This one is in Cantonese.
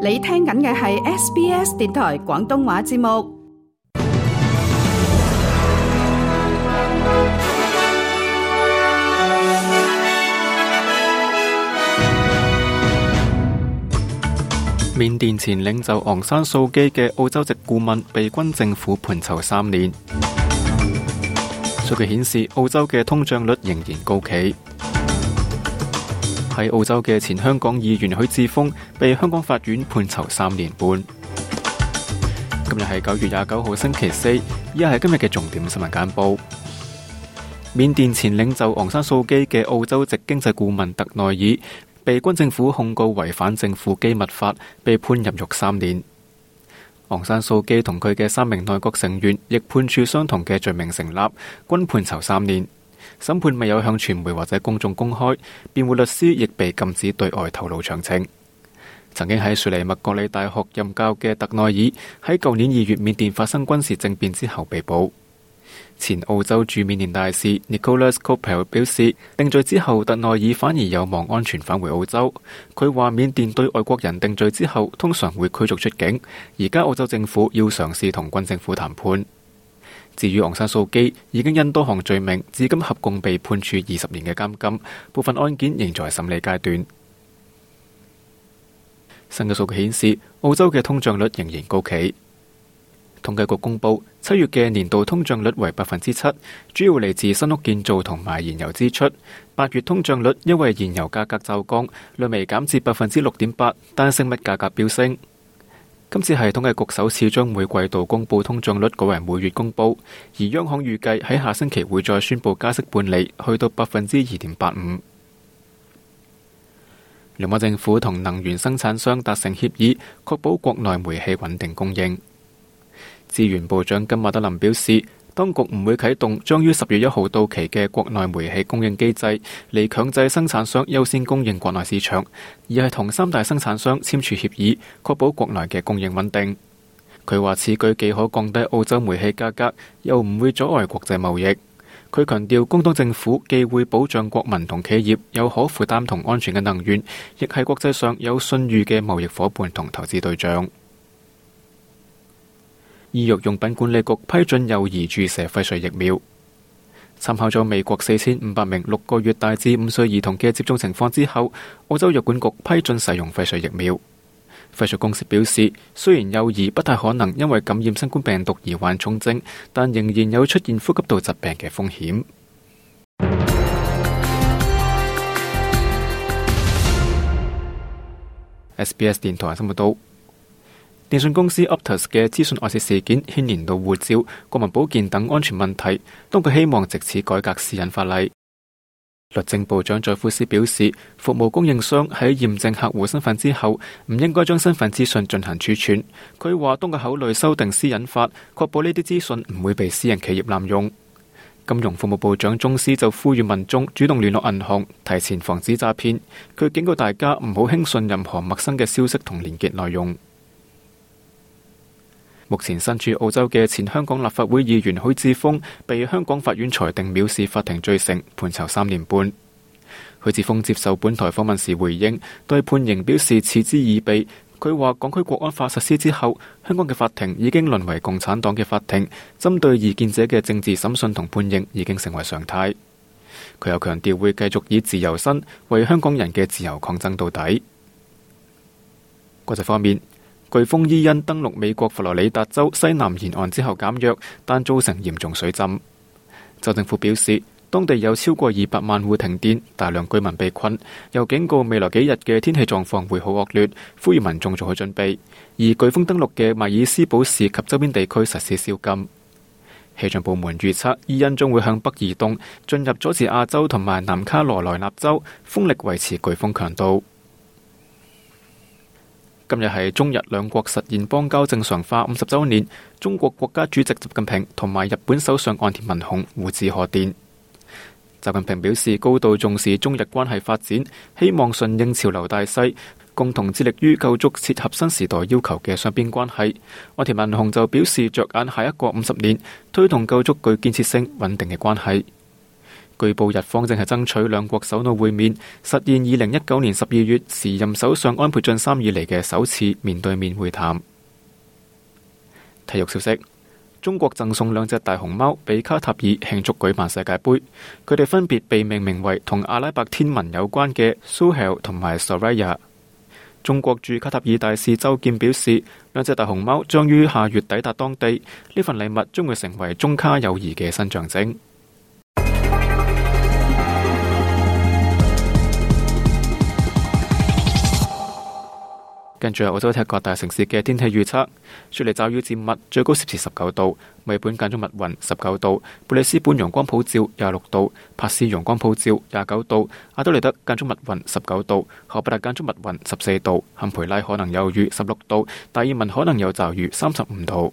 你聽緊嘅係 SBS 電台廣東話節目。緬甸前領袖昂山素基嘅澳洲籍顧問被軍政府判囚三年。數據顯示，澳洲嘅通脹率仍然高企。喺澳洲嘅前香港議員許智峰被香港法院判囚三年半。今日係九月廿九號星期四，依家係今日嘅重點新聞簡報。緬甸前領袖昂山素姬嘅澳洲籍經濟顧問特內爾被軍政府控告違反政府機密法，被判入獄三年。昂山素姬同佢嘅三名內閣成員亦判處相同嘅罪名成立，均判囚三年。審判未有向傳媒或者公眾公開，辯護律師亦被禁止對外透露詳情。曾經喺雪梨麥國利大學任教嘅特內爾喺舊年二月緬甸發生軍事政變之後被捕。前澳洲駐緬甸大使 Nicholas Coppel 表示，定罪之後特內爾反而有望安全返回澳洲。佢話：緬甸對外國人定罪之後通常會驅逐出境，而家澳洲政府要嘗試同軍政府談判。至於昂山素姬，已經因多項罪名，至今合共被判處二十年嘅監禁，部分案件仍在審理階段。新嘅數據顯示，澳洲嘅通脹率仍然高企。統計局公布七月嘅年度通脹率為百分之七，主要嚟自新屋建造同埋燃油支出。八月通脹率因為燃油價格驟降，略微減至百分之六點八，但食物價格飆升。今次係統計局首次將每季度公佈通脹率改為每月公佈，而央行預計喺下星期會再宣布加息半釐，去到百分之二點八五。聯邦政府同能源生產商達成協議，確保國內煤氣穩定供應。資源部長金馬德林表示。當局唔會啟動將於十月一號到期嘅國內煤氣供應機制嚟強制生產商優先供應國內市場，而係同三大生產商簽署協議，確保國內嘅供應穩定。佢話此舉既可降低澳洲煤氣價格，又唔會阻礙國際貿易。佢強調，工黨政府既會保障國民同企業有可負擔同安全嘅能源，亦係國際上有信譽嘅貿易伙伴同投資對象。醫藥用品管理局批准幼兒注射輝瑞疫苗。參考咗美國四千五百名六個月大至五歲兒童嘅接種情況之後，澳洲藥管局批准使用輝瑞疫苗。輝瑞公司表示，雖然幼兒不太可能因為感染新冠病毒而患重症，但仍然有出現呼吸道疾病嘅風險。 SBS 電台新聞報道。電信公司 Optus 嘅資訊外泄事，事件牽連到護照、國民保健等安全問題，當局希望借此改革私隱法例。律政部長在夫斯表示，服務供應商喺驗證客戶身份之後，唔應該將身份資訊進行儲存。佢話，當局考慮修訂私隱法，確保呢啲資訊唔會被私人企業濫用。金融服務部長中斯就呼籲民眾主動聯絡銀行，提前防止詐騙。佢警告大家唔好輕信任何陌生嘅消息同連結內容。目前身處澳洲嘅前香港立法會議員許智峰被香港法院裁定藐視法庭罪成，判囚三年半。許智峰接受本台訪問時回應，對判刑表示嗤之以鼻。佢話，港區國安法實施之後，香港嘅法庭已經淪為共產黨嘅法庭，針對異見者嘅政治審訊同判刑已經成為常態。佢又強調會繼續以自由身為香港人嘅自由抗爭到底。國際方面。颶風伊恩登陸美國佛羅里達州西南沿岸之後減弱，但造成嚴重水浸。州政府表示，當地有超過二百萬戶停電，大量居民被困，又警告未來幾日嘅天氣狀況會好惡劣，呼籲民眾做好準備。而颶風登陸嘅邁爾斯堡市及周邊地區實施宵禁。氣象部門預測，伊恩將會向北移動，進入佐治亞州同埋南卡羅來納州，風力維持颶風強度。今日係中日兩國實現邦交正常化五十周年，中國國家主席習近平同埋日本首相岸田文雄互致賀電。習近平表示高度重視中日關係發展，希望順應潮流大勢，共同致力於構築切合新時代要求嘅雙邊關係。岸田文雄就表示着眼下一個五十年，推動構築具建設性穩定嘅關係。據報，日方正係爭取兩國首腦會面，實現二零一九年十二月時任首相安倍晉三以嚟嘅首次面對面會談。體育消息：中國贈送兩隻大熊貓俾卡塔爾慶祝舉辦世界杯，佢哋分別被命名為同阿拉伯天文有關嘅 Suhail 同埋 Soraya。中國駐卡塔爾大使周劍表示，兩隻大熊貓將於下月抵達當地，呢份禮物將會成為中卡友誼嘅新象徵。跟住係澳洲踢各大城市嘅天氣預測，雪梨驟雨漸密，最高攝氏十九度；墨本間中密雲，十九度；布里斯本陽光普照，廿六度；帕斯陽光普照，廿九度；阿德利德間中密雲，十九度；荷伯特間中密雲，十四度；坎培拉可能有雨，十六度；達爾文可能有驟雨，三十五度。